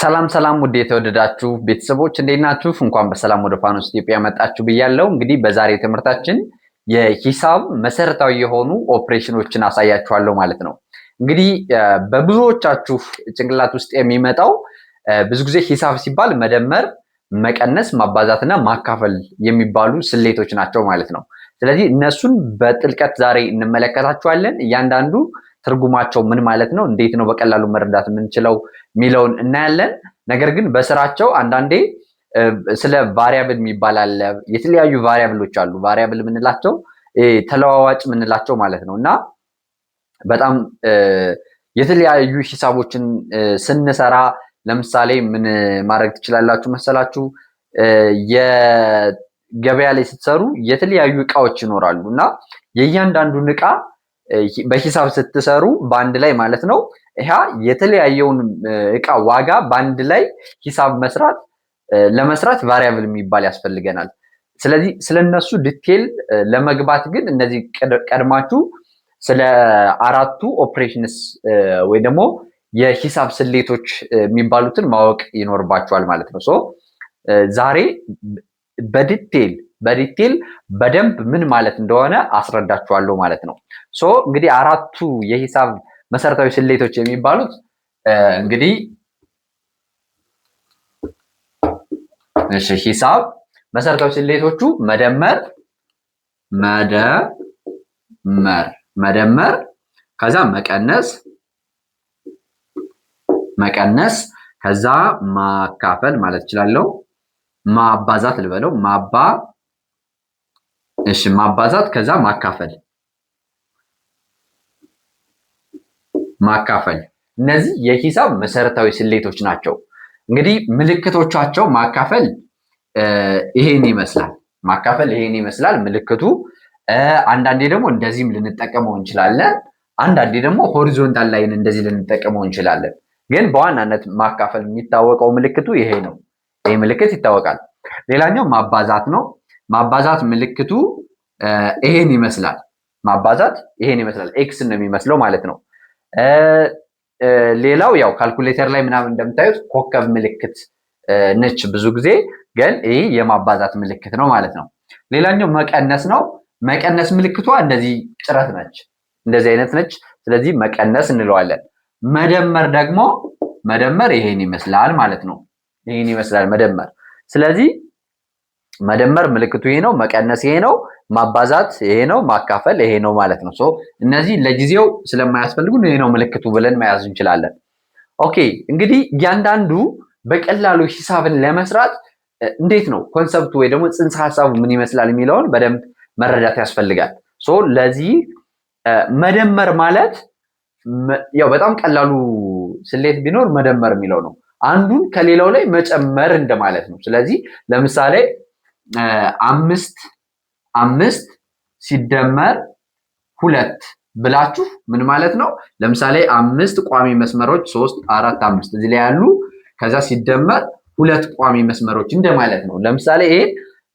ሰላም ሰላም ውድ የተወደዳችሁ ቤተሰቦች እንዴት ናችሁ? እንኳን በሰላም ወደ ፋኖስ ኢትዮጵያ መጣችሁ ብያለሁ። እንግዲህ በዛሬ ትምህርታችን የሂሳብ መሰረታዊ የሆኑ ኦፕሬሽኖችን አሳያችኋለሁ ማለት ነው። እንግዲህ በብዙዎቻችሁ ጭንቅላት ውስጥ የሚመጣው ብዙ ጊዜ ሂሳብ ሲባል መደመር፣ መቀነስ፣ ማባዛትና ማካፈል የሚባሉ ስሌቶች ናቸው ማለት ነው። ስለዚህ እነሱን በጥልቀት ዛሬ እንመለከታችኋለን። እያንዳንዱ ትርጉማቸው ምን ማለት ነው፣ እንዴት ነው በቀላሉ መረዳት የምንችለው የሚለውን እናያለን። ነገር ግን በስራቸው አንዳንዴ ስለ ቫሪያብል የሚባል አለ። የተለያዩ ቫሪያብሎች አሉ። ቫሪያብል የምንላቸው ተለዋዋጭ የምንላቸው ማለት ነው እና በጣም የተለያዩ ሂሳቦችን ስንሰራ ለምሳሌ ምን ማድረግ ትችላላችሁ መሰላችሁ? የገበያ ላይ ስትሰሩ የተለያዩ እቃዎች ይኖራሉ እና የእያንዳንዱን እቃ በሂሳብ ስትሰሩ በአንድ ላይ ማለት ነው ይሄ የተለያየውን እቃ ዋጋ በአንድ ላይ ሂሳብ መስራት ለመስራት ቫሪያብል የሚባል ያስፈልገናል። ስለዚህ ስለነሱ ዲቴል ለመግባት ግን እነዚህ ቀድማችሁ ስለ አራቱ ኦፕሬሽንስ ወይ ደግሞ የሂሳብ ስሌቶች የሚባሉትን ማወቅ ይኖርባችኋል ማለት ነው። ዛሬ በዲቴል በዲቴል በደንብ ምን ማለት እንደሆነ አስረዳችኋለሁ ማለት ነው። ሶ እንግዲህ አራቱ የሂሳብ መሰረታዊ ስሌቶች የሚባሉት እንግዲህ እሺ፣ ሂሳብ መሰረታዊ ስሌቶቹ መደመር፣ መደመር፣ መደመር ከዛ መቀነስ፣ መቀነስ ከዛ ማካፈል ማለት እችላለሁ። ማባዛት ልበለው ማባ እሺ ማባዛት ከዛ ማካፈል ማካፈል እነዚህ የሂሳብ መሰረታዊ ስሌቶች ናቸው። እንግዲህ ምልክቶቻቸው ማካፈል ይሄን ይመስላል። ማካፈል ይሄን ይመስላል ምልክቱ። አንዳንዴ ደግሞ እንደዚህም ልንጠቀመው እንችላለን። አንዳንዴ ደግሞ ሆሪዞንታል ላይን እንደዚህ ልንጠቀመው እንችላለን። ግን በዋናነት ማካፈል የሚታወቀው ምልክቱ ይሄ ነው። ይሄ ምልክት ይታወቃል። ሌላኛው ማባዛት ነው። ማባዛት ምልክቱ ይሄን ይመስላል። ማባዛት ይሄን ይመስላል። ኤክስ ነው የሚመስለው ማለት ነው። ሌላው ያው ካልኩሌተር ላይ ምናምን እንደምታዩት ኮከብ ምልክት ነች ብዙ ጊዜ ግን ይህ የማባዛት ምልክት ነው ማለት ነው። ሌላኛው መቀነስ ነው። መቀነስ ምልክቷ እንደዚህ ጭረት ነች፣ እንደዚህ አይነት ነች። ስለዚህ መቀነስ እንለዋለን። መደመር ደግሞ መደመር ይሄን ይመስላል ማለት ነው። ይሄን ይመስላል መደመር ስለዚህ መደመር ምልክቱ ይሄ ነው፣ መቀነስ ይሄ ነው፣ ማባዛት ይሄ ነው፣ ማካፈል ይሄ ነው ማለት ነው። ሶ እነዚህ ለጊዜው ስለማያስፈልጉን ይሄ ነው ምልክቱ ብለን መያዝ እንችላለን። ኦኬ እንግዲህ እያንዳንዱ በቀላሉ ሂሳብን ለመስራት እንዴት ነው ኮንሰፕቱ ወይ ደግሞ ጽንሰ ሀሳቡ ምን ይመስላል የሚለውን በደንብ መረዳት ያስፈልጋል። ሶ ለዚህ መደመር ማለት ያው በጣም ቀላሉ ስሌት ቢኖር መደመር የሚለው ነው። አንዱን ከሌላው ላይ መጨመር እንደማለት ነው። ስለዚህ ለምሳሌ አምስት አምስት ሲደመር ሁለት ብላችሁ ምን ማለት ነው? ለምሳሌ አምስት ቋሚ መስመሮች ሶስት፣ አራት፣ አምስት እዚህ ላይ ያሉ ከዛ ሲደመር ሁለት ቋሚ መስመሮች እንደማለት ነው። ለምሳሌ ይሄ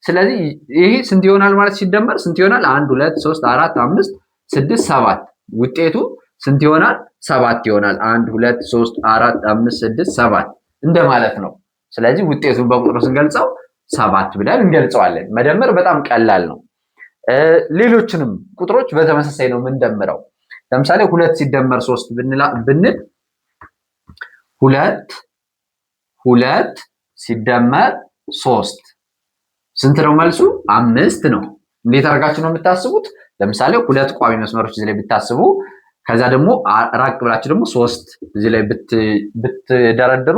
ስለዚህ ይሄ ስንት ይሆናል ማለት ሲደመር ስንት ይሆናል? አንድ፣ ሁለት፣ ሶስት፣ አራት፣ አምስት፣ ስድስት፣ ሰባት ውጤቱ ስንት ይሆናል? ሰባት ይሆናል። አንድ፣ ሁለት፣ ሶስት፣ አራት፣ አምስት፣ ስድስት፣ ሰባት እንደማለት ነው። ስለዚህ ውጤቱን በቁጥሩ ስንገልጸው ሰባት ብለን እንገልጸዋለን። መደመር በጣም ቀላል ነው። ሌሎችንም ቁጥሮች በተመሳሳይ ነው የምንደምረው። ለምሳሌ ሁለት ሲደመር ሶስት ብንል ሁለት ሁለት ሲደመር ሶስት ስንት ነው መልሱ? አምስት ነው። እንዴት አድርጋችሁ ነው የምታስቡት? ለምሳሌ ሁለት ቋሚ መስመሮች እዚህ ላይ ብታስቡ፣ ከዛ ደግሞ ራቅ ብላችሁ ደግሞ ሶስት እዚህ ላይ ብትደረድሩ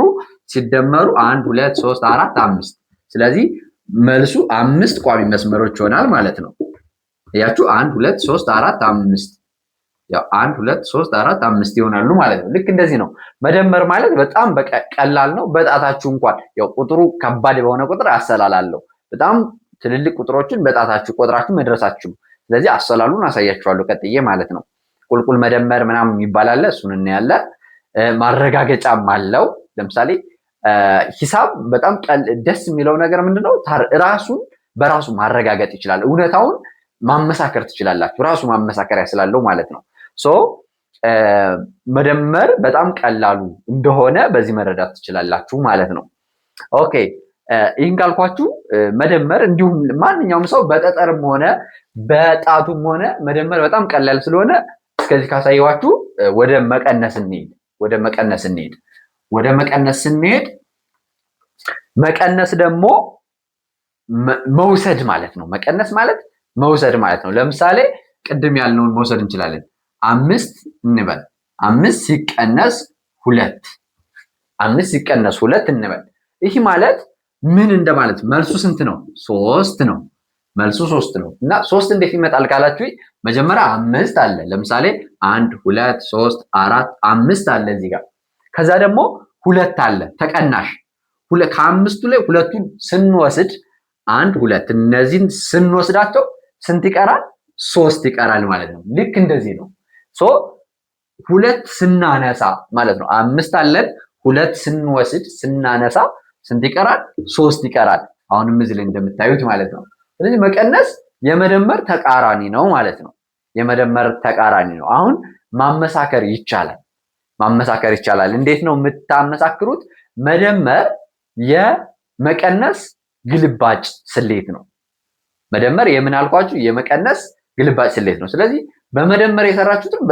ሲደመሩ አንድ ሁለት ሶስት አራት አምስት ስለዚህ መልሱ አምስት ቋሚ መስመሮች ይሆናል ማለት ነው። እያችሁ አንድ ሁለት ሶስት አራት አምስት ያው አንድ ሁለት ሶስት አራት አምስት ይሆናሉ ማለት ነው። ልክ እንደዚህ ነው መደመር ማለት በጣም ቀላል ነው። በጣታችሁ እንኳን ያው ቁጥሩ ከባድ በሆነ ቁጥር አሰላላለሁ በጣም ትልልቅ ቁጥሮችን በጣታችሁ ቆጥራችሁ መድረሳችሁ። ስለዚህ አሰላሉን አሳያችኋለሁ ቀጥዬ ማለት ነው። ቁልቁል መደመር ምናምን የሚባል አለ፣ እሱን እናያለን። ማረጋገጫም አለው ለምሳሌ ሂሳብ በጣም ደስ የሚለው ነገር ምንድነው? ራሱን በራሱ ማረጋገጥ ይችላል። እውነታውን ማመሳከር ትችላላችሁ። ራሱ ማመሳከሪያ ስላለው ማለት ነው። ሶ መደመር በጣም ቀላሉ እንደሆነ በዚህ መረዳት ትችላላችሁ ማለት ነው። ኦኬ ይህን ካልኳችሁ መደመር እንዲሁም ማንኛውም ሰው በጠጠርም ሆነ በጣቱም ሆነ መደመር በጣም ቀላል ስለሆነ እስከዚህ ካሳየኋችሁ ወደ መቀነስ እንሄድ ወደ መቀነስ ወደ መቀነስ ስንሄድ መቀነስ ደግሞ መውሰድ ማለት ነው። መቀነስ ማለት መውሰድ ማለት ነው። ለምሳሌ ቅድም ያልነውን መውሰድ እንችላለን። አምስት እንበል። አምስት ሲቀነስ ሁለት አምስት ሲቀነስ ሁለት እንበል። ይህ ማለት ምን እንደማለት መልሱ ስንት ነው? ሶስት ነው። መልሱ ሶስት ነው። እና ሶስት እንዴት ይመጣል ካላችሁ መጀመሪያ አምስት አለ። ለምሳሌ አንድ፣ ሁለት፣ ሶስት፣ አራት፣ አምስት አለ እዚህ ጋር ከዛ ደግሞ ሁለት አለ ተቀናሽ ከአምስቱ ላይ ሁለቱን ስንወስድ አንድ ሁለት እነዚህን ስንወስዳቸው ስንት ይቀራል? ሶስት ይቀራል ማለት ነው። ልክ እንደዚህ ነው። ሶ ሁለት ስናነሳ ማለት ነው አምስት አለን። ሁለት ስንወስድ ስናነሳ ስንት ይቀራል? ሶስት ይቀራል። አሁንም እዚህ ላይ እንደምታዩት ማለት ነው። ስለዚህ መቀነስ የመደመር ተቃራኒ ነው ማለት ነው። የመደመር ተቃራኒ ነው። አሁን ማመሳከር ይቻላል። ማመሳከር ይቻላል። እንዴት ነው የምታመሳክሩት? መደመር የመቀነስ ግልባጭ ስሌት ነው። መደመር የምን አልኳችሁ? የመቀነስ ግልባጭ ስሌት ነው። ስለዚህ በመደመር የሰራችሁትን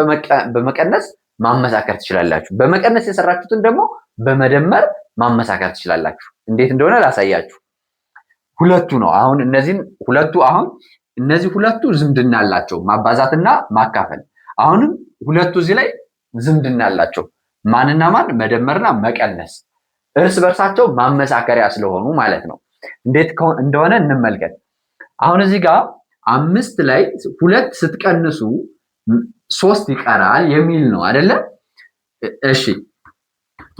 በመቀነስ ማመሳከር ትችላላችሁ። በመቀነስ የሰራችሁትን ደግሞ በመደመር ማመሳከር ትችላላችሁ። እንዴት እንደሆነ ላሳያችሁ። ሁለቱ ነው አሁን እነዚህን ሁለቱ አሁን እነዚህ ሁለቱ ዝምድና አላቸው ማባዛትና ማካፈል። አሁንም ሁለቱ እዚህ ላይ ዝምድና አላቸው። ማንና ማን መደመርና መቀነስ እርስ በርሳቸው ማመሳከሪያ ስለሆኑ ማለት ነው። እንዴት እንደሆነ እንመልከት። አሁን እዚህ ጋር አምስት ላይ ሁለት ስትቀንሱ ሶስት ይቀራል የሚል ነው አደለ? እሺ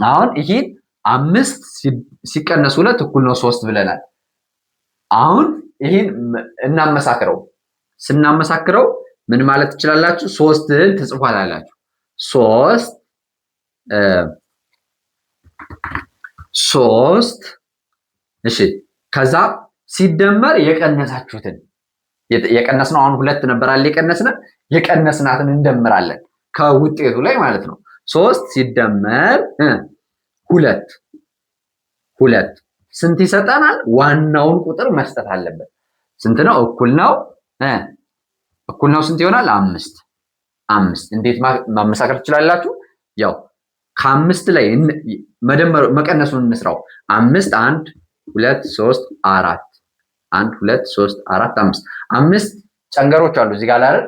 አሁን ይህን አምስት ሲቀነስ ሁለት እኩል ነው ሶስት ብለናል። አሁን ይህን እናመሳክረው። ስናመሳክረው ምን ማለት ትችላላችሁ? ሶስትን ትጽፏላላችሁ። ሶስት ሶስት እሺ ከዛ ሲደመር የቀነሳችሁትን የቀነስነው አሁን ሁለት ነበር አለ የቀነስነ የቀነስናትን እንደምራለን ከውጤቱ ላይ ማለት ነው። ሶስት ሲደመር ሁለት ሁለት ስንት ይሰጠናል? ዋናውን ቁጥር መስጠት አለበት። ስንት ነው? እኩል ነው እኩል ነው ስንት ይሆናል? አምስት አምስት እንዴት ማመሳከር ትችላላችሁ? ያው ከአምስት ላይ መደመር መቀነሱን እንስራው። አምስት አንድ ሁለት ሶስት አራት አንድ ሁለት ሶስት አራት አምስት አምስት ጨንገሮች አሉ እዚህ ጋር ላይ አይደል?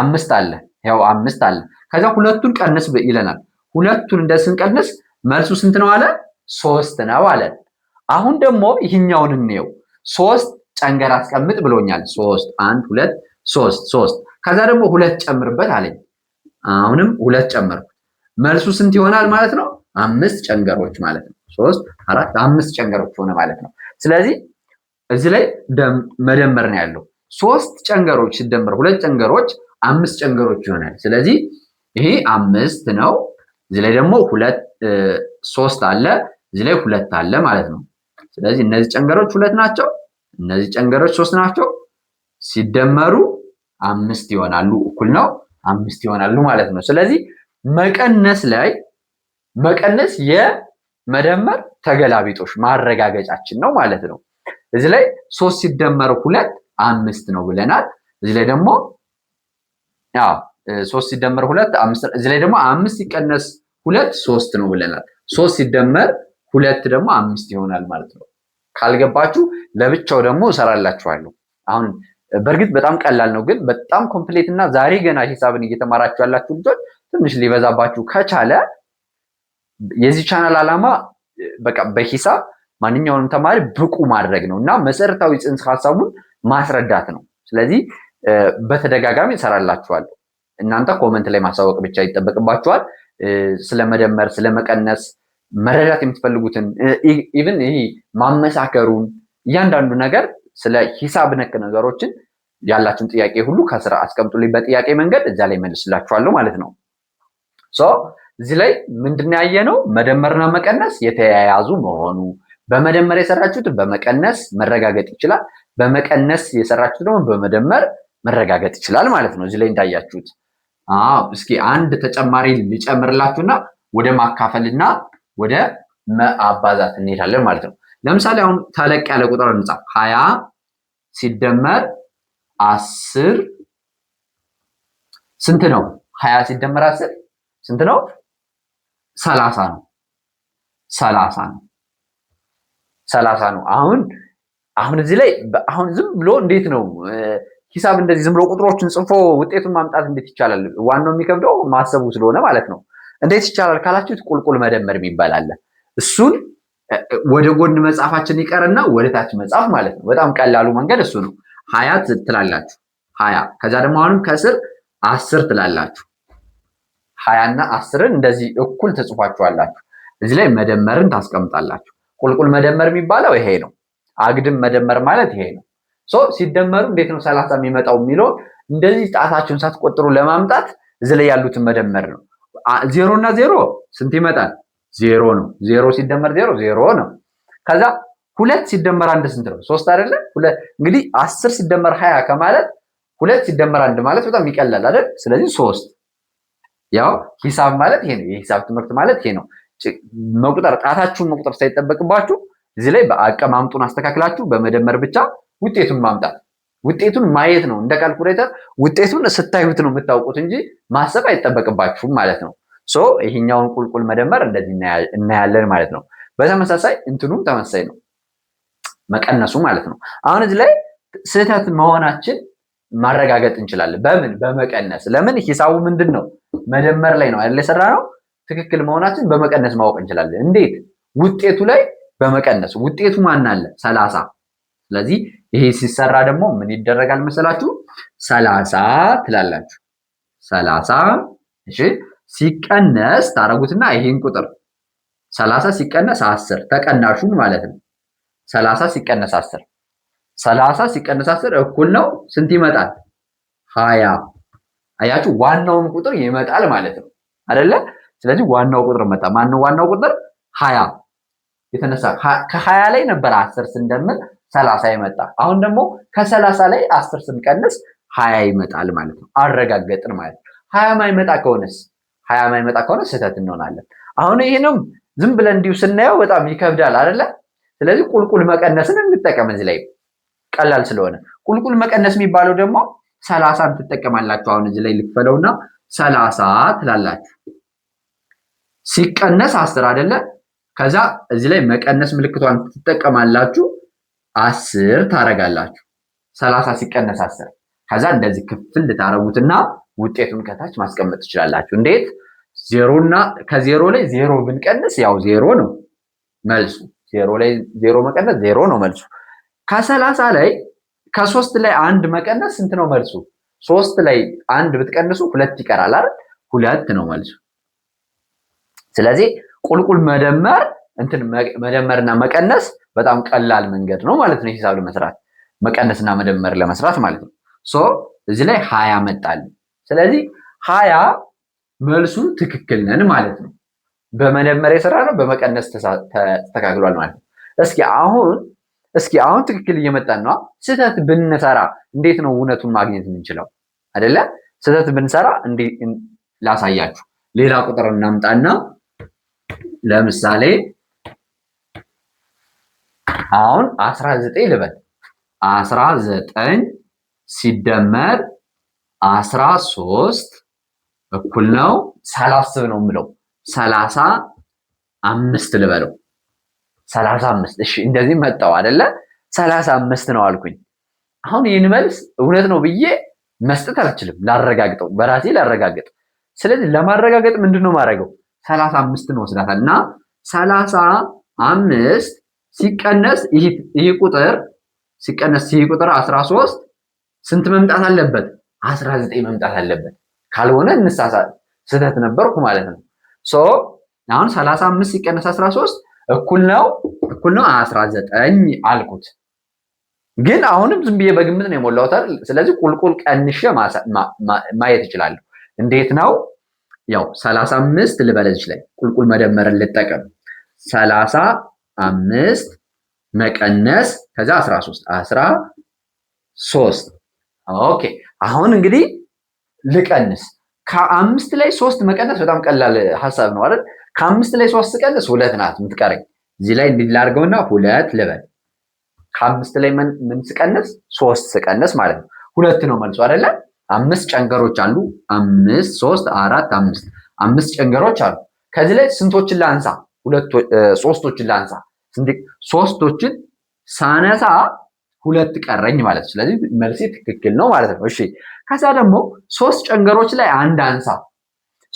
አምስት አለ ያው አምስት አለ። ከዛ ሁለቱን ቀንስ ይለናል። ሁለቱን እንደ ስንቀንስ መልሱ ስንት ነው አለ? ሶስት ነው አለ። አሁን ደግሞ ይህኛውን እንየው። ሶስት ጨንገር አስቀምጥ ብሎኛል። ሶስት አንድ ሁለት ሶስት ሶስት ከዛ ደግሞ ሁለት ጨምርበት አለኝ። አሁንም ሁለት ጨመርኩት። መልሱ ስንት ይሆናል ማለት ነው? አምስት ጨንገሮች ማለት ነው። ሶስት፣ አራት፣ አምስት ጨንገሮች ሆነ ማለት ነው። ስለዚህ እዚህ ላይ መደመር ነው ያለው። ሶስት ጨንገሮች ሲደመር ሁለት ጨንገሮች አምስት ጨንገሮች ይሆናል። ስለዚህ ይሄ አምስት ነው። እዚህ ላይ ደግሞ ሁለት ሶስት አለ፣ እዚህ ላይ ሁለት አለ ማለት ነው። ስለዚህ እነዚህ ጨንገሮች ሁለት ናቸው፣ እነዚህ ጨንገሮች ሶስት ናቸው ሲደመሩ አምስት ይሆናሉ። እኩል ነው፣ አምስት ይሆናሉ ማለት ነው። ስለዚህ መቀነስ ላይ መቀነስ የመደመር ተገላቢጦሽ ማረጋገጫችን ነው ማለት ነው። እዚህ ላይ ሶስት ሲደመር ሁለት አምስት ነው ብለናል። እዚህ ላይ ደግሞ ሶስት ሲደመር ሁለት አምስት እዚህ ላይ ደግሞ አምስት ሲቀነስ ሁለት ሶስት ነው ብለናል። ሶስት ሲደመር ሁለት ደግሞ አምስት ይሆናል ማለት ነው። ካልገባችሁ ለብቻው ደግሞ እሰራላችኋለሁ አሁን በእርግጥ በጣም ቀላል ነው፣ ግን በጣም ኮምፕሌት እና ዛሬ ገና ሂሳብን እየተማራችሁ ያላችሁ ልጆች ትንሽ ሊበዛባችሁ ከቻለ የዚህ ቻናል ዓላማ በቃ በሂሳብ ማንኛውንም ተማሪ ብቁ ማድረግ ነው እና መሰረታዊ ጽንሰ ሀሳቡን ማስረዳት ነው። ስለዚህ በተደጋጋሚ እሰራላችኋለሁ። እናንተ ኮመንት ላይ ማሳወቅ ብቻ ይጠበቅባችኋል። ስለመደመር ስለመቀነስ መረዳት የምትፈልጉትን ኢቭን ይሄ ማመሳከሩን እያንዳንዱ ነገር ስለ ሂሳብ ነክ ነገሮችን ያላችሁን ጥያቄ ሁሉ ከስራ አስቀምጡልኝ በጥያቄ መንገድ እዛ ላይ መልስላችኋለሁ ማለት ነው። እዚህ ላይ ምንድን ያየ ነው መደመርና መቀነስ የተያያዙ መሆኑ በመደመር የሰራችሁት በመቀነስ መረጋገጥ ይችላል። በመቀነስ የሰራችሁት ደግሞ በመደመር መረጋገጥ ይችላል ማለት ነው። እዚህ ላይ እንዳያችሁት። አዎ እስኪ አንድ ተጨማሪ ልጨምርላችሁና ወደ ማካፈልና ወደ መአባዛት እንሄዳለን ማለት ነው። ለምሳሌ አሁን ተለቅ ያለ ቁጥር እንጻፍ። ሀያ ሲደመር አስር ስንት ነው? ሀያ ሲደመር አስር ስንት ነው? ሰላሳ ነው። ሰላሳ ነው። ሰላሳ ነው። አሁን አሁን እዚህ ላይ አሁን ዝም ብሎ እንዴት ነው ሂሳብ እንደዚህ ዝም ብሎ ቁጥሮችን ጽፎ ውጤቱን ማምጣት እንዴት ይቻላል? ዋናው የሚከብደው ማሰቡ ስለሆነ ማለት ነው። እንዴት ይቻላል ካላችሁት ቁልቁል መደመር የሚባል አለ። እሱን ወደ ጎን መጻፋችን ይቀርና ወደ ታች መጻፍ ማለት ነው። በጣም ቀላሉ መንገድ እሱ ነው። ሀያ ትላላችሁ ሀያ ከዛ ደግሞ አሁንም ከስር አስር ትላላችሁ። ሀያና አስርን እንደዚህ እኩል ትጽፏችኋላችሁ። እዚህ ላይ መደመርን ታስቀምጣላችሁ። ቁልቁል መደመር የሚባለው ይሄ ነው። አግድም መደመር ማለት ይሄ ነው። ሶ ሲደመሩ እንዴት ነው ሰላሳ የሚመጣው የሚለው እንደዚህ ጣታችሁን ሳትቆጥሩ ለማምጣት እዚህ ላይ ያሉትን መደመር ነው። ዜሮ እና ዜሮ ስንት ይመጣል? ዜሮ ነው። ዜሮ ሲደመር ዜሮ ዜሮ ነው። ከዛ ሁለት ሲደመር አንድ ስንት ነው? ሶስት አይደለ? እንግዲህ አስር ሲደመር ሀያ ከማለት ሁለት ሲደመር አንድ ማለት በጣም ይቀላል አይደል? ስለዚህ ሶስት። ያው ሂሳብ ማለት ይሄ ነው። የሂሳብ ትምህርት ማለት ይሄ ነው። መቁጠር ጣታችሁን መቁጠር ሳይጠበቅባችሁ እዚህ ላይ በአቀማምጡን አስተካክላችሁ በመደመር ብቻ ውጤቱን ማምጣት ውጤቱን ማየት ነው። እንደ ካልኩሌተር ውጤቱን ስታዩት ነው የምታውቁት እንጂ ማሰብ አይጠበቅባችሁም ማለት ነው። ሶ ይሄኛውን ቁልቁል መደመር እንደዚህ እናያለን ማለት ነው። በተመሳሳይ እንትኑም ተመሳሳይ ነው፣ መቀነሱ ማለት ነው። አሁን እዚህ ላይ ስህተት መሆናችን ማረጋገጥ እንችላለን። በምን በመቀነስ ለምን? ሂሳቡ ምንድን ነው? መደመር ላይ ነው አይደል የሰራ ነው። ትክክል መሆናችን በመቀነስ ማወቅ እንችላለን። እንዴት? ውጤቱ ላይ በመቀነስ ውጤቱ ማን አለ? ሰላሳ ስለዚህ ይሄ ሲሰራ ደግሞ ምን ይደረጋል መሰላችሁ? ሰላሳ ትላላችሁ። ሰላሳ እሺ ሲቀነስ ታረጉትና ይሄን ቁጥር ሰላሳ ሲቀነስ አስር ተቀናሹን ማለት ነው። ሰላሳ ሲቀነስ አስር ሰላሳ ሲቀነስ አስር እኩል ነው ስንት ይመጣል? ሀያ አያችሁ፣ ዋናውን ቁጥር ይመጣል ማለት ነው አይደለ? ስለዚህ ዋናው ቁጥር መጣ። ማነው ዋናው ቁጥር? ሀያ የተነሳ ከሀያ ላይ ነበር አስር ስንደምር ሰላሳ ይመጣ። አሁን ደግሞ ከሰላሳ ላይ አስር ስንቀንስ ሀያ ይመጣል ማለት ነው። አረጋገጥን ማለት ነው። ሀያ ማይመጣ ከሆነስ ሀያ የማይመጣ ከሆነ ስህተት እንሆናለን። አሁን ይህንም ዝም ብለን እንዲሁ ስናየው በጣም ይከብዳል አደለ? ስለዚህ ቁልቁል መቀነስን እንጠቀም እዚህ ላይ ቀላል ስለሆነ። ቁልቁል መቀነስ የሚባለው ደግሞ ሰላሳን ትጠቀማላችሁ። አሁን እዚህ ላይ ልክፈለውና ሰላሳ ትላላችሁ። ሲቀነስ አስር አደለ? ከዛ እዚህ ላይ መቀነስ ምልክቷን ትጠቀማላችሁ። አስር ታረጋላችሁ። ሰላሳ ሲቀነስ አስር ከዛ እንደዚህ ክፍል ልታረጉትና ውጤቱን ከታች ማስቀመጥ ትችላላችሁ። እንዴት? ዜሮና ከዜሮ ላይ ዜሮ ብንቀንስ ያው ዜሮ ነው መልሱ። ዜሮ ላይ ዜሮ መቀነስ ዜሮ ነው መልሱ። ከሰላሳ ላይ ከሶስት ላይ አንድ መቀነስ ስንት ነው መልሱ? ሶስት ላይ አንድ ብትቀንሱ ሁለት ይቀራል አይደል? ሁለት ነው መልሱ። ስለዚህ ቁልቁል መደመር እንትን መደመርና መቀነስ በጣም ቀላል መንገድ ነው ማለት ነው። ሂሳብ ለመስራት መቀነስና መደመር ለመስራት ማለት ነው። ሶ እዚህ ላይ ሀያ መጣልን። ስለዚህ ሀያ መልሱ ትክክል ነን ማለት ነው። በመደመር የሰራ ነው፣ በመቀነስ ተስተካክሏል ማለት ነው። እስኪ አሁን እስኪ አሁን ትክክል እየመጣን ነው። ስህተት ብንሰራ እንዴት ነው እውነቱን ማግኘት የምንችለው? አይደለ? ስህተት ብንሰራ ላሳያችሁ። ሌላ ቁጥር እናምጣና ለምሳሌ አሁን አስራ ዘጠኝ ልበል አስራ ዘጠኝ ሲደመር አስራ ሶስት እኩል ነው ሰላስብ ነው የምለው ሰላሳ አምስት ልበለው ሰላሳ አምስት እሺ እንደዚህ መጣው አደለ ሰላሳ አምስት ነው አልኩኝ አሁን ይህን መልስ እውነት ነው ብዬ መስጠት አልችልም ላረጋግጠው በራሴ ላረጋግጥ ስለዚህ ለማረጋገጥ ምንድን ነው ማድረገው ሰላሳ አምስት ነው ወስዳታል እና ሰላሳ አምስት ሲቀነስ ይህ ቁጥር ሲቀነስ ይህ ቁጥር አስራ ሶስት ስንት መምጣት አለበት አስራ ዘጠኝ መምጣት አለበት። ካልሆነ እንሳሳ ስህተት ነበርኩ ማለት ነው። አሁን ሰላሳ አምስት ሲቀነስ አስራ ሶስት እኩል ነው እኩል ነው አስራ ዘጠኝ አልኩት። ግን አሁንም ዝም ብዬ በግምት ነው የሞላሁት አይደል? ስለዚህ ቁልቁል ቀንሼ ማየት እችላለሁ። እንዴት ነው ያው ሰላሳ አምስት ልበለች ላይ ቁልቁል መደመርን ልጠቀም። ሰላሳ አምስት መቀነስ ከዛ አስራ ሶስት አስራ ሶስት ኦኬ አሁን እንግዲህ ልቀንስ። ከአምስት ላይ ሶስት መቀነስ በጣም ቀላል ሀሳብ ነው አይደል? ከአምስት ላይ ሶስት ቀንስ ሁለት ናት የምትቀረኝ። እዚህ ላይ እንዲህ ላድርገውና ሁለት ልበል። ከአምስት ላይ ምን ስቀንስ? ሶስት ስቀንስ ማለት ነው ሁለት ነው መልሶ አይደለ? አምስት ጨንገሮች አሉ። አምስት ሶስት አራት አምስት አምስት ጨንገሮች አሉ። ከዚህ ላይ ስንቶችን ላንሳ? ሶስቶችን ላንሳ። ሶስቶችን ሳነሳ ሁለት ቀረኝ ማለት ነው። ስለዚህ መልሴ ትክክል ነው ማለት ነው። እሺ ከዛ ደግሞ ሶስት ጨንገሮች ላይ አንድ አንሳ።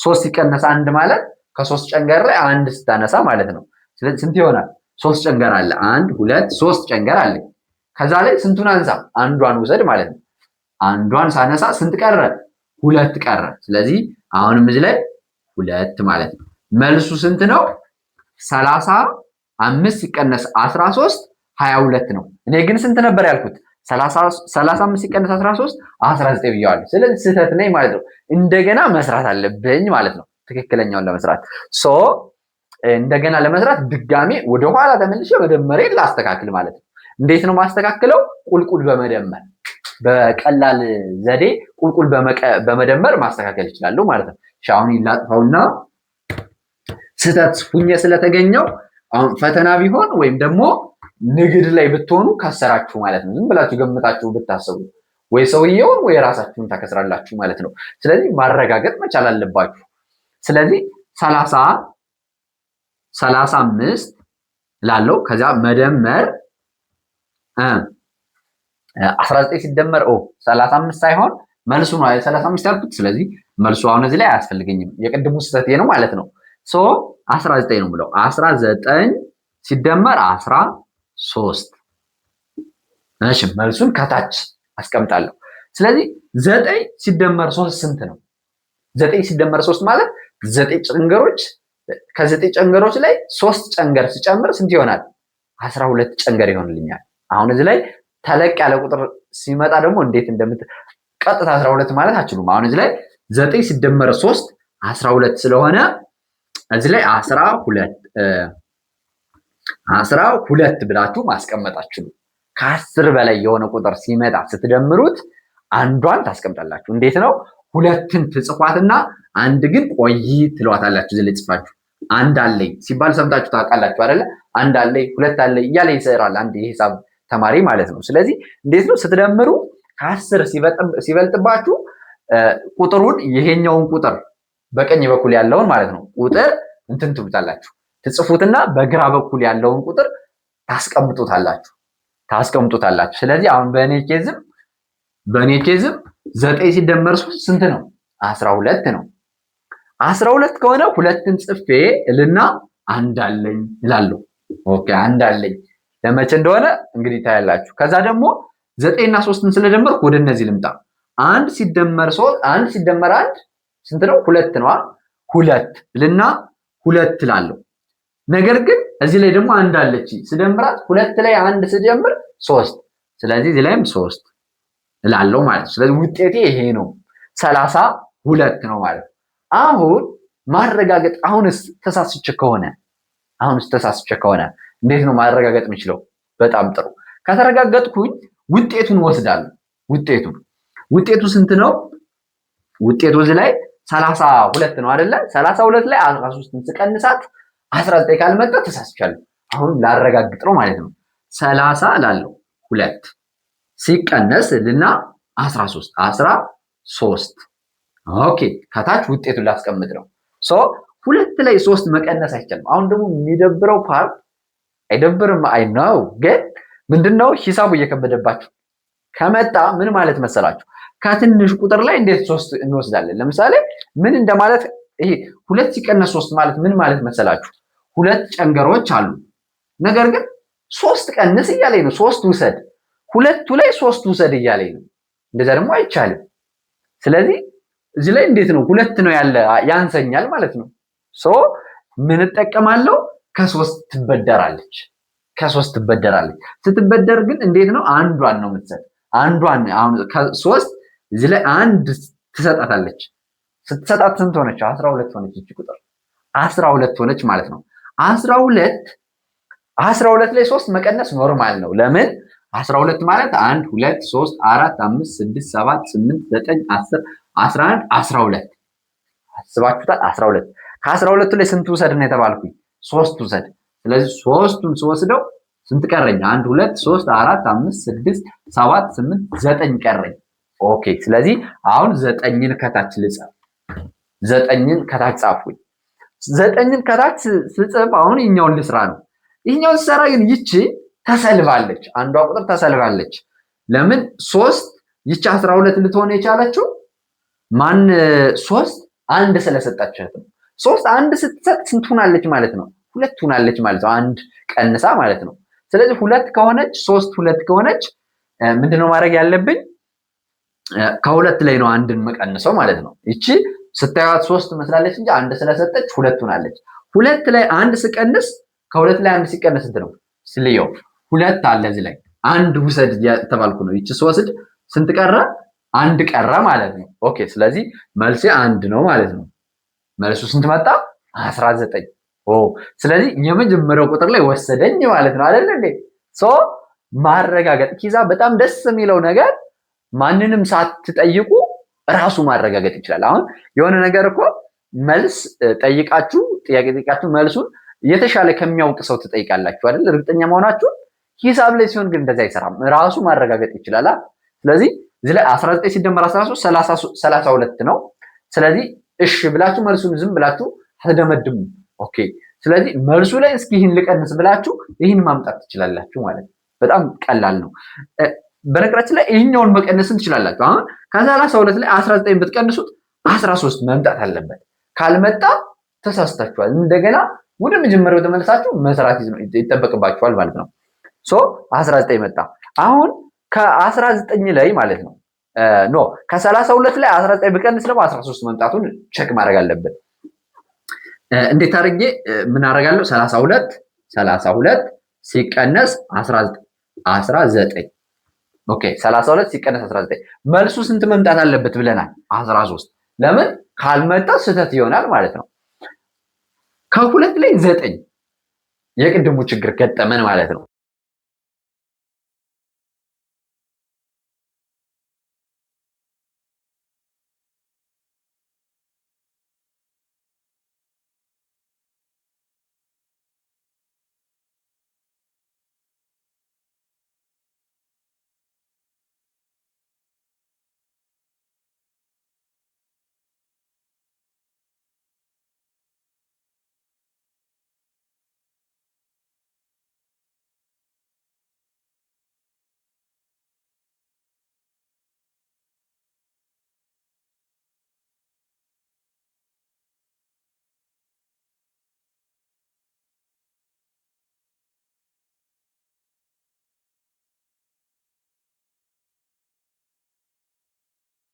ሶስት ሲቀነስ አንድ ማለት ከሶስት ጨንገር ላይ አንድ ስታነሳ ማለት ነው። ስለዚህ ስንት ይሆናል? ሶስት ጨንገር አለ። አንድ ሁለት ሶስት ጨንገር አለ። ከዛ ላይ ስንቱን አንሳ? አንዷን ውሰድ ማለት ነው። አንዷን ሳነሳ ስንት ቀረ? ሁለት ቀረ። ስለዚህ አሁንም እዚህ ላይ ሁለት ማለት ነው። መልሱ ስንት ነው? ሰላሳ አምስት ሲቀነስ አስራ ሶስት ሀያ ሁለት ነው። እኔ ግን ስንት ነበር ያልኩት? ሰላሳ አምስት ሲቀንስ አስራ ሶስት አስራ ዘጠኝ ብያዋለሁ። ስለዚህ ስህተት ነኝ ማለት ነው። እንደገና መስራት አለብኝ ማለት ነው። ትክክለኛውን ለመስራት ሶ እንደገና ለመስራት ድጋሜ ወደኋላ ተመልሼ መደመሬ ላስተካክል ማለት ነው። እንዴት ነው ማስተካክለው? ቁልቁል በመደመር በቀላል ዘዴ ቁልቁል በመደመር ማስተካከል ይችላሉ ማለት ነው። አሁን ላጥፋውና ስህተት ሁኜ ስለተገኘው አሁን ፈተና ቢሆን ወይም ደግሞ ንግድ ላይ ብትሆኑ ከሰራችሁ ማለት ነው። ዝም ብላችሁ ገምታችሁ ብታሰቡ ወይ ሰውየውን ወይ ራሳችሁን ታከስራላችሁ ማለት ነው። ስለዚህ ማረጋገጥ መቻል አለባችሁ። ስለዚህ ሰላሳ ሰላሳ አምስት ላለው ከዚያ መደመር አስራ ዘጠኝ ሲደመር ኦ ሰላሳ አምስት ሳይሆን መልሱ ነው ሰላሳ አምስት ያልኩት። ስለዚህ መልሱ አሁን እዚህ ላይ አያስፈልገኝም የቅድሙ ስህተቴ ነው ማለት ነው። ሶ አስራ ዘጠኝ ነው ብለው አስራ ዘጠኝ ሲደመር አስራ ሶስት እሺ መልሱን ከታች አስቀምጣለሁ። ስለዚህ ዘጠኝ ሲደመር ሶስት ስንት ነው? ዘጠኝ ሲደመር ሶስት ማለት ዘጠኝ ጨንገሮች ከዘጠኝ ጨንገሮች ላይ ሶስት ጨንገር ሲጨምር ስንት ይሆናል? አስራ ሁለት ጨንገር ይሆንልኛል። አሁን እዚህ ላይ ተለቅ ያለ ቁጥር ሲመጣ ደግሞ እንዴት እንደምት ቀጥታ አስራ ሁለት ማለት አችሉም። አሁን እዚህ ላይ ዘጠኝ ሲደመር ሶስት አስራ ሁለት ስለሆነ እዚህ ላይ አስራ ሁለት አስራ ሁለት ብላችሁ ማስቀመጣችሁ ከአስር በላይ የሆነ ቁጥር ሲመጣ ስትደምሩት አንዷን ታስቀምጣላችሁ። እንዴት ነው? ሁለትን ትጽፏትና አንድ ግን ቆይ ትለዋታላችሁ። ዝል ጽፋችሁ አንድ አለኝ ሲባል ሰምታችሁ ታውቃላችሁ አይደለ? አንድ አለኝ፣ ሁለት አለኝ እያለ ይሰራል አንድ የሂሳብ ተማሪ ማለት ነው። ስለዚህ እንዴት ነው ስትደምሩ ከአስር ሲበልጥባችሁ ቁጥሩን ይሄኛውን ቁጥር በቀኝ በኩል ያለውን ማለት ነው ቁጥር እንትን ትብታላችሁ። ትጽፉትና በግራ በኩል ያለውን ቁጥር ታስቀምጡታላችሁ ታስቀምጡታላችሁ። ስለዚህ አሁን በእኔ ኬዝም በእኔ ኬዝም ዘጠኝ ሲደመር ሶስት ስንት ነው? አስራ ሁለት ነው። አስራ ሁለት ከሆነ ሁለትን ጽፌ እልና አንዳለኝ እላለሁ። ኦኬ አንዳለኝ ለመቼ እንደሆነ እንግዲህ ታያላችሁ። ከዛ ደግሞ ዘጠኝና ሶስትን ስለደመርኩ ወደ እነዚህ ልምጣ። አንድ ሲደመር ሶስት አንድ ሲደመር አንድ ስንት ነው? ሁለት ነዋ። ሁለት እልና ሁለት እላለሁ ነገር ግን እዚህ ላይ ደግሞ አንድ አለች ስደምራት ሁለት ላይ አንድ ስጀምር ሶስት ስለዚህ እዚህ ላይም ሶስት እላለሁ ማለት ነው። ስለዚህ ውጤቴ ይሄ ነው፣ ሰላሳ ሁለት ነው ማለት አሁን ማረጋገጥ አሁንስ ተሳስቼ ከሆነ አሁንስ ተሳስቼ ከሆነ እንዴት ነው ማረጋገጥ የምችለው? በጣም ጥሩ ከተረጋገጥኩኝ ውጤቱን ወስዳለሁ። ውጤቱን ውጤቱ ስንት ነው? ውጤቱ እዚህ ላይ ሰላሳ ሁለት ነው አይደለ? ሰላሳ ሁለት ላይ አስራ ሶስትን ስቀንሳት አስራ ዘጠኝ ካልመጣ ተሳስቻለሁ። አሁን ላረጋግጥ ነው ማለት ነው። ሰላሳ ላለው ሁለት ሲቀነስ ልና አስራ ሶስት አስራ ሶስት ኦኬ፣ ከታች ውጤቱን ላስቀምጥ ነው። ሶ ሁለት ላይ ሶስት መቀነስ አይቻልም። አሁን ደግሞ የሚደብረው ፓርት አይደብርም፣ አይ ነው ግን ምንድነው ሂሳቡ እየከበደባችሁ ከመጣ ምን ማለት መሰላችሁ ከትንሽ ቁጥር ላይ እንዴት ሶስት እንወስዳለን? ለምሳሌ ምን እንደማለት ይሄ ሁለት ሲቀነስ ሶስት ማለት ምን ማለት መሰላችሁ ሁለት ጨንገሮች አሉ። ነገር ግን ሶስት ቀንስ እያለኝ ነው። ሶስት ውሰድ፣ ሁለቱ ላይ ሶስት ውሰድ እያለኝ ነው። እንደዛ ደግሞ አይቻልም። ስለዚህ እዚህ ላይ እንዴት ነው? ሁለት ነው ያለ ያንሰኛል ማለት ነው። ሶ ምን እጠቀማለሁ? ከሶስት ትበደራለች፣ ከሶስት ትበደራለች። ስትበደር ግን እንዴት ነው? አንዷን ነው የምትሰጥ። አንዷን አሁን ከሶስት እዚህ ላይ አንድ ትሰጣታለች። ስትሰጣት ስንት ሆነች? አስራ ሁለት ሆነች። እቺ ቁጥር አስራ ሁለት ሆነች ማለት ነው። አስራ ሁለት አስራ ሁለት ላይ ሶስት መቀነስ ኖርማል ነው። ለምን አስራ ሁለት ማለት አንድ ሁለት ሶስት አራት አምስት ስድስት ሰባት ስምንት ዘጠኝ አስር አስራ አንድ አስራ ሁለት አስባችሁታል። አስራ ሁለት ከአስራ ሁለቱ ላይ ስንት ውሰድ ነው የተባልኩኝ? ሶስት ውሰድ። ስለዚህ ሶስቱን ስወስደው ስንት ቀረኝ? አንድ ሁለት ሶስት አራት አምስት ስድስት ሰባት ስምንት ዘጠኝ ቀረኝ። ኦኬ። ስለዚህ አሁን ዘጠኝን ከታች ልጻፍ። ዘጠኝን ከታች ጻፍኩኝ። ዘጠኝን ከታች ስጽፍ አሁን ይኛውን ልስራ ነው። ይህኛውን ስሰራ ግን ይቺ ተሰልባለች፣ አንዷ ቁጥር ተሰልባለች። ለምን ሶስት ይቺ አስራ ሁለት ልትሆን የቻለችው ማን ሶስት አንድ ስለሰጣችት ነው። ሶስት አንድ ስትሰጥ ስንት ሆናለች ማለት ነው? ሁለት ሆናለች ማለት ነው። አንድ ቀንሳ ማለት ነው። ስለዚህ ሁለት ከሆነች ሶስት ሁለት ከሆነች ምንድነው ማድረግ ያለብኝ? ከሁለት ላይ ነው አንድን መቀንሰው ማለት ነው። ይቺ ስታዩት ሶስት ትመስላለች እንጂ አንድ ስለሰጠች ሁለት ሆናለች። ሁለት ላይ አንድ ስቀንስ ከሁለት ላይ አንድ ሲቀነስ ስንት ነው? ስልየው ሁለት አለ እዚህ ላይ አንድ ውሰድ ተባልኩ ነው። ይቺ ስወስድ ስንት ቀረ? አንድ ቀረ ማለት ነው። ኦኬ ስለዚህ መልሴ አንድ ነው ማለት ነው። መልሱ ስንት መጣ? አስራ ዘጠኝ ኦ ስለዚህ የመጀመሪያው ቁጥር ላይ ወሰደኝ ማለት ነው አይደል እንዴ? ሶ ማረጋገጥ ኪዛ በጣም ደስ የሚለው ነገር ማንንም ሳትጠይቁ ራሱ ማረጋገጥ ይችላል። አሁን የሆነ ነገር እኮ መልስ ጠይቃችሁ ጥያቄ ጠይቃችሁ መልሱን የተሻለ ከሚያውቅ ሰው ትጠይቃላችሁ አይደል? እርግጠኛ መሆናችሁ ሂሳብ ላይ ሲሆን ግን እንደዚህ አይሰራም። ራሱ ማረጋገጥ ይችላል። ስለዚህ እዚህ ላይ 19 ሲደመር 13 32 ነው። ስለዚህ እሺ ብላችሁ መልሱን ዝም ብላችሁ አትደመድሙ። ኦኬ። ስለዚህ መልሱ ላይ እስኪ ይህን ልቀንስ ብላችሁ ይህን ማምጣት ትችላላችሁ ማለት ነው። በጣም ቀላል ነው። በነገራችን ላይ ይህኛውን መቀነስን ትችላላችሁ። አሁን ከሰላሳ ሁለት ላይ አስራ ዘጠኝ ብትቀንሱት አስራ ሶስት መምጣት አለበት። ካልመጣ ተሳስታችኋል። እንደገና ወደ መጀመሪያው ተመለሳችሁ መስራት ይጠበቅባችኋል ማለት ነው። ሶ አስራ ዘጠኝ መጣ። አሁን ከአስራ ዘጠኝ ላይ ማለት ነው ኖ ከሰላሳ ሁለት ላይ አስራ ዘጠኝ ብቀንስ ደግሞ አስራ ሶስት መምጣቱን ቸክ ማድረግ አለበት። እንዴት አድርጌ ምን አደርጋለሁ? ሰላሳ ሁለት ሰላሳ ሁለት ሲቀነስ አስራ ዘጠኝ ኦኬ 32 ሲቀነስ 19 መልሱ ስንት መምጣት አለበት ብለናል? 13 ለምን ካልመጣ ስህተት ይሆናል ማለት ነው። ከሁለት ላይ ዘጠኝ የቅድሙ ችግር ገጠመን ማለት ነው።